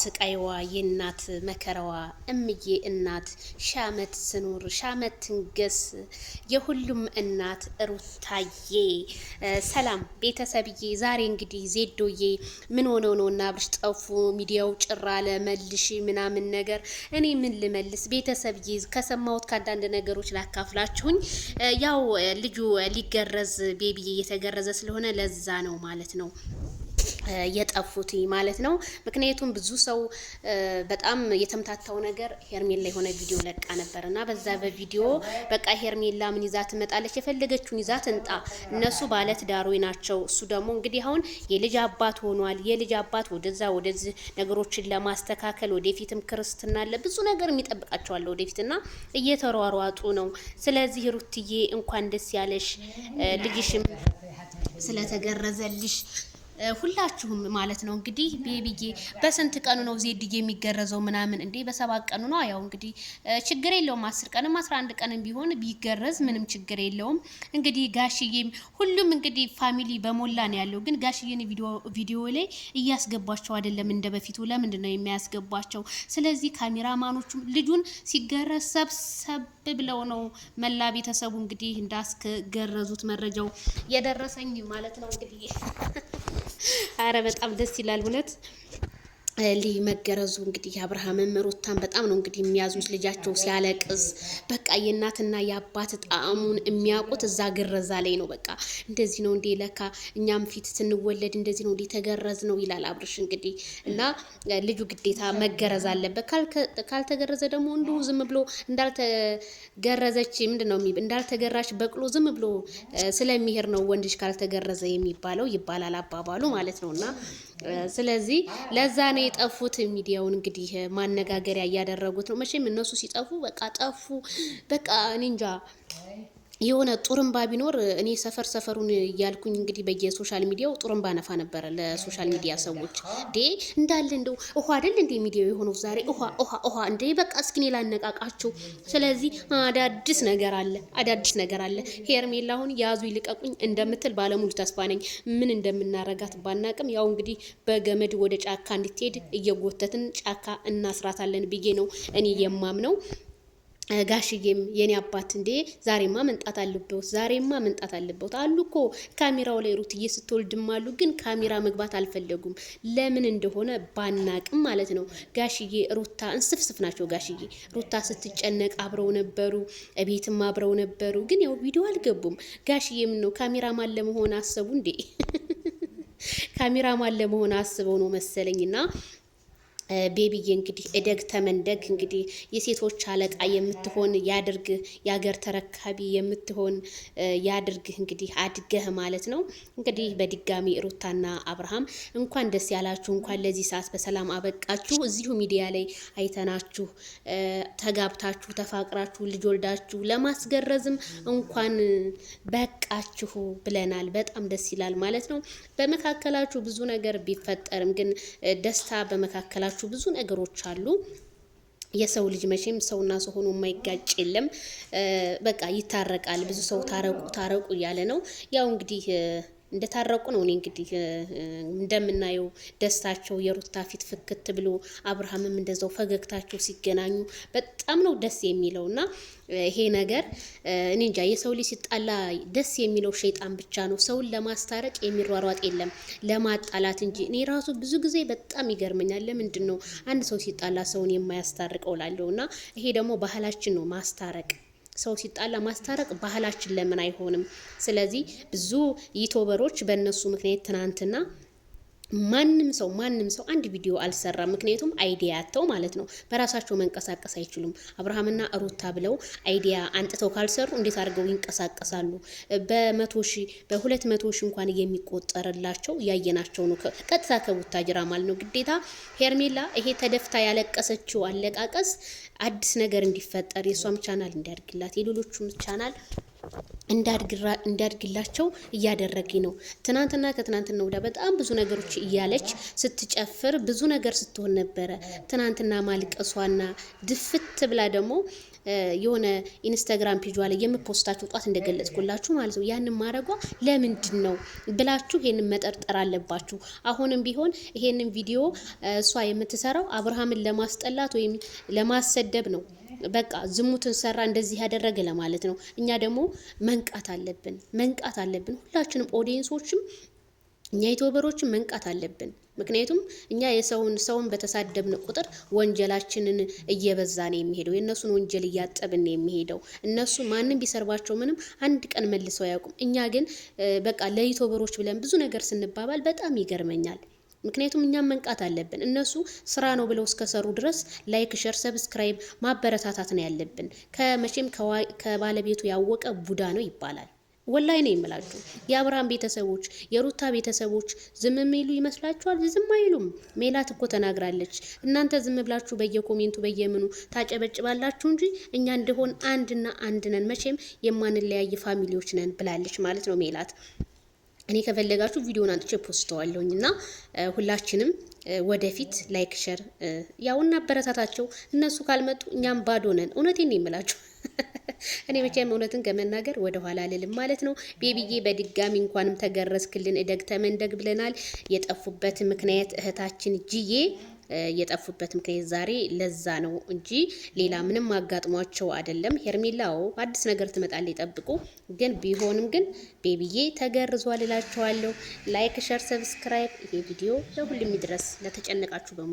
ስቃይዋ የእናት መከራዋ እምዬ እናት ሻመት ስኑር ሻመት ትንገስ የሁሉም እናት ሩታዬ። ሰላም ቤተሰብዬ፣ ዛሬ እንግዲህ ዜዶዬ ምን ሆነው ነው እና አብርሽ ጠፉ፣ ሚዲያው ጭራ ለመልሽ ምናምን ነገር እኔ ምን ልመልስ ቤተሰብዬ፣ ከሰማሁት ከአንዳንድ ነገሮች ላካፍላችሁኝ። ያው ልጁ ሊገረዝ ቤቢዬ እየተገረዘ ስለሆነ ለዛ ነው ማለት ነው የጠፉት ማለት ነው። ምክንያቱም ብዙ ሰው በጣም የተምታታው ነገር ሄርሜላ የሆነ ቪዲዮ ለቃ ነበር እና በዛ በቪዲዮ በቃ ሄርሜላ ምን ይዛ ትመጣለች? የፈለገችውን ይዛ ትንጣ፣ እነሱ ባለትዳሩ ናቸው። እሱ ደግሞ እንግዲህ አሁን የልጅ አባት ሆኗል። የልጅ አባት ወደዛ ወደዚህ ነገሮችን ለማስተካከል ወደፊትም ክርስትና አለ፣ ብዙ ነገር የሚጠብቃቸዋል ወደፊትና እየተሯሯጡ ነው። ስለዚህ ሩትዬ እንኳን ደስ ያለሽ ልጅሽም ስለተገረዘልሽ ሁላችሁም ማለት ነው እንግዲህ ቤቢዬ በስንት ቀኑ ነው ዜድዬ የሚገረዘው ምናምን እንዴ በሰባት ቀኑ ነው ያው እንግዲህ ችግር የለውም አስር ቀንም አስራ አንድ ቀንም ቢሆን ቢገረዝ ምንም ችግር የለውም እንግዲህ ጋሽዬም ሁሉም እንግዲህ ፋሚሊ በሞላ ነው ያለው ግን ጋሽዬን ቪዲዮ ላይ እያስገቧቸው አይደለም እንደ በፊቱ ለምንድን ነው የሚያስገቧቸው ስለዚህ ካሜራማኖቹም ልጁን ሲገረዝ ሰብሰብ ብለው ነው መላ ቤተሰቡ እንግዲህ እንዳስገረዙት መረጃው የደረሰኝ ማለት ነው። እንግዲህ አረ በጣም ደስ ይላል እውነት። ሊህ መገረዙ እንግዲህ አብርሃምን ሩታን በጣም ነው እንግዲህ የሚያዙት። ልጃቸው ሲያለቅስ በቃ የእናትና የአባት ጣዕሙን የሚያውቁት እዛ ግረዛ ላይ ነው። በቃ እንደዚህ ነው እንዴ ለካ እኛም ፊት ስንወለድ እንደዚህ ነው እንዴ ተገረዝ ነው ይላል አብርሽ እንግዲህ። እና ልጁ ግዴታ መገረዝ አለበት። ካልተገረዘ ደግሞ እንዲሁ ዝም ብሎ እንዳልተገረዘች ምንድን ነው እንዳልተገራች በቅሎ ዝም ብሎ ስለሚሄድ ነው ወንድሽ ካልተገረዘ የሚባለው ይባላል አባባሉ ማለት ነው እና ስለዚህ ለዛ ነው የጠፉት። ሚዲያውን እንግዲህ ማነጋገሪያ እያደረጉት ነው። መቼም እነሱ ሲጠፉ በቃ ጠፉ፣ በቃ እኔ እንጃ የሆነ ጡርንባ ቢኖር እኔ ሰፈር ሰፈሩን እያልኩኝ እንግዲህ በየሶሻል ሚዲያው ጡርምባ ነፋ ነበረ። ለሶሻል ሚዲያ ሰዎች እንዴ እንዳለ እንደው ውሃ አይደል እንዴ ሚዲያው የሆነው ዛሬ ውሃ ውሃ ውሃ እንዴ በቃ እስኪኔ ላነቃቃችሁ። ስለዚህ አዳዲስ ነገር አለ፣ አዳዲስ ነገር አለ። ሄርሜላ ያዙ ይልቀቁኝ እንደምትል ባለሙሉ ተስፋ ነኝ። ምን እንደምናረጋት ባናቅም ያው እንግዲህ በገመድ ወደ ጫካ እንድትሄድ እየጎተትን ጫካ እናስራታለን ብዬ ነው እኔ የማምነው። ጋሽዬም የኔ አባት እንዴ ዛሬማ መንጣት አለበት፣ ዛሬማ መንጣት አለበት አሉ እኮ ካሜራው ላይ ሩትዬ ስትወልድም አሉ። ግን ካሜራ መግባት አልፈለጉም ለምን እንደሆነ ባናቅም ማለት ነው። ጋሽዬ ሩታ እንስፍስፍ ናቸው። ጋሽዬ ሩታ ስትጨነቅ አብረው ነበሩ፣ ቤትም አብረው ነበሩ። ግን ያው ቪዲዮ አልገቡም። ጋሽዬ ምን ነው ካሜራማን ለመሆን አሰቡ እንዴ? ካሜራማን ለመሆን አስበው ነው መሰለኝና ቤቢዬ እንግዲህ እደግ ተመንደግ እንግዲህ የሴቶች አለቃ የምትሆን ያድርግ፣ የአገር ተረካቢ የምትሆን ያድርግ። እንግዲህ አድገህ ማለት ነው። እንግዲህ በድጋሚ ሩታና አብርሃም እንኳን ደስ ያላችሁ፣ እንኳን ለዚህ ሰዓት በሰላም አበቃችሁ። እዚሁ ሚዲያ ላይ አይተናችሁ ተጋብታችሁ ተፋቅራችሁ ልጅ ወልዳችሁ ለማስገረዝም እንኳን በቃ በቃችሁ ብለናል። በጣም ደስ ይላል ማለት ነው። በመካከላችሁ ብዙ ነገር ቢፈጠርም ግን ደስታ በመካከላችሁ ብዙ ነገሮች አሉ። የሰው ልጅ መቼም ሰውና ሰው ሆኖ የማይጋጭ የለም። በቃ ይታረቃል። ብዙ ሰው ታረቁ ታረቁ እያለ ነው ያው እንግዲህ እንደታረቁ ነው። እኔ እንግዲህ እንደምናየው ደስታቸው የሩታ ፊት ፍክት ብሎ አብርሃምም እንደዛው ፈገግታቸው ሲገናኙ በጣም ነው ደስ የሚለው እና ይሄ ነገር እኔ እንጃ የሰው ልጅ ሲጣላ ደስ የሚለው ሸይጣን ብቻ ነው። ሰውን ለማስታረቅ የሚሯሯጥ የለም ለማጣላት እንጂ። እኔ ራሱ ብዙ ጊዜ በጣም ይገርመኛል። ለምንድን ነው አንድ ሰው ሲጣላ ሰውን የማያስታርቀው ላለው እና ይሄ ደግሞ ባህላችን ነው ማስታረቅ ሰው ሲጣላ ማስታረቅ ባህላችን ለምን አይሆንም? ስለዚህ ብዙ ዩቱበሮች በእነሱ ምክንያት ትናንትና ማንም ሰው ማንም ሰው አንድ ቪዲዮ አልሰራም። ምክንያቱም አይዲያ ያተው ማለት ነው። በራሳቸው መንቀሳቀስ አይችሉም። አብርሃምና ሩታ ብለው አይዲያ አንጥተው ካልሰሩ እንዴት አድርገው ይንቀሳቀሳሉ? በመቶ ሺ በሁለት መቶ ሺ እንኳን የሚቆጠርላቸው ያየናቸው ነው። ቀጥታ ከቡታጅራ ማለት ነው። ግዴታ ሄርሜላ ይሄ ተደፍታ ያለቀሰችው አለቃቀስ አዲስ ነገር እንዲፈጠር የእሷም ቻናል እንዲያድግላት የሌሎቹም ቻናል እንዳድግላቸው እያደረገኝ ነው። ትናንትና ከትናንትና ወዲያ በጣም ብዙ ነገሮች እያለች ስትጨፍር ብዙ ነገር ስትሆን ነበረ። ትናንትና ማልቀሷና ድፍት ብላ ደግሞ የሆነ ኢንስታግራም ፔጇ ላይ የምፖስታችሁ ጧት እንደገለጽኩላችሁ ማለት ነው። ያንን ማድረጓ ለምንድን ነው ብላችሁ ይሄንን መጠርጠር አለባችሁ። አሁንም ቢሆን ይሄንን ቪዲዮ እሷ የምትሰራው አብርሃምን ለማስጠላት ወይም ለማሰደብ ነው። በቃ ዝሙትን ሰራ እንደዚህ ያደረገ ለማለት ነው። እኛ ደግሞ መንቃት አለብን፣ መንቃት አለብን። ሁላችንም ኦዲየንሶችም እኛ ዩቲዩበሮችን መንቃት አለብን። ምክንያቱም እኛ የሰውን ሰውን በተሳደብን ቁጥር ወንጀላችንን እየበዛ ነው የሚሄደው። የእነሱን ወንጀል እያጠብን የሚሄደው። እነሱ ማንም ቢሰርባቸው ምንም አንድ ቀን መልሰው አያውቁም። እኛ ግን በቃ ለዩቲዩበሮች ብለን ብዙ ነገር ስንባባል በጣም ይገርመኛል። ምክንያቱም እኛም መንቃት አለብን። እነሱ ስራ ነው ብለው እስከሰሩ ድረስ ላይክ፣ ሸር፣ ሰብስክራይብ ማበረታታት ነው ያለብን። ከመቼም ከባለቤቱ ያወቀ ቡዳ ነው ይባላል። ወላይ ነው የምላችሁ። የአብርሃም ቤተሰቦች የሩታ ቤተሰቦች ዝም የሚሉ ይመስላችኋል? ዝም አይሉም። ሜላት እኮ ተናግራለች። እናንተ ዝም ብላችሁ በየኮሜንቱ በየምኑ ታጨበጭባላችሁ እንጂ እኛ እንደሆን አንድና አንድ ነን፣ መቼም የማንለያይ ፋሚሊዎች ነን ብላለች ማለት ነው ሜላት እኔ ከፈለጋችሁ ቪዲዮን አንጥቼ ፖስተዋለሁኝ እና ሁላችንም ወደፊት ላይክ ሸር ያው እናበረታታቸው። እነሱ ካልመጡ እኛም ባዶ ነን። እውነቴን ነው የምላችሁ። እኔ መቼም እውነትን ከመናገር ወደ ኋላ አልልም ማለት ነው። ቤቢዬ በድጋሚ እንኳንም ተገረዝክልን እደግ ተመንደግ ብለናል። የጠፉበት ምክንያት እህታችን ጅዬ የጠፉበት ምክንያት ዛሬ ለዛ ነው እንጂ ሌላ ምንም አጋጥሟቸው አይደለም። ሄርሜላው አዲስ ነገር ትመጣል ይጠብቁ። ግን ቢሆንም ግን ቤቢዬ ተገርዟል እላችኋለሁ። ላይክ፣ ሸር፣ ሰብስክራይብ። ይሄ ቪዲዮ ለሁሉም ይድረስ። ለተጨነቃችሁ በሙሉ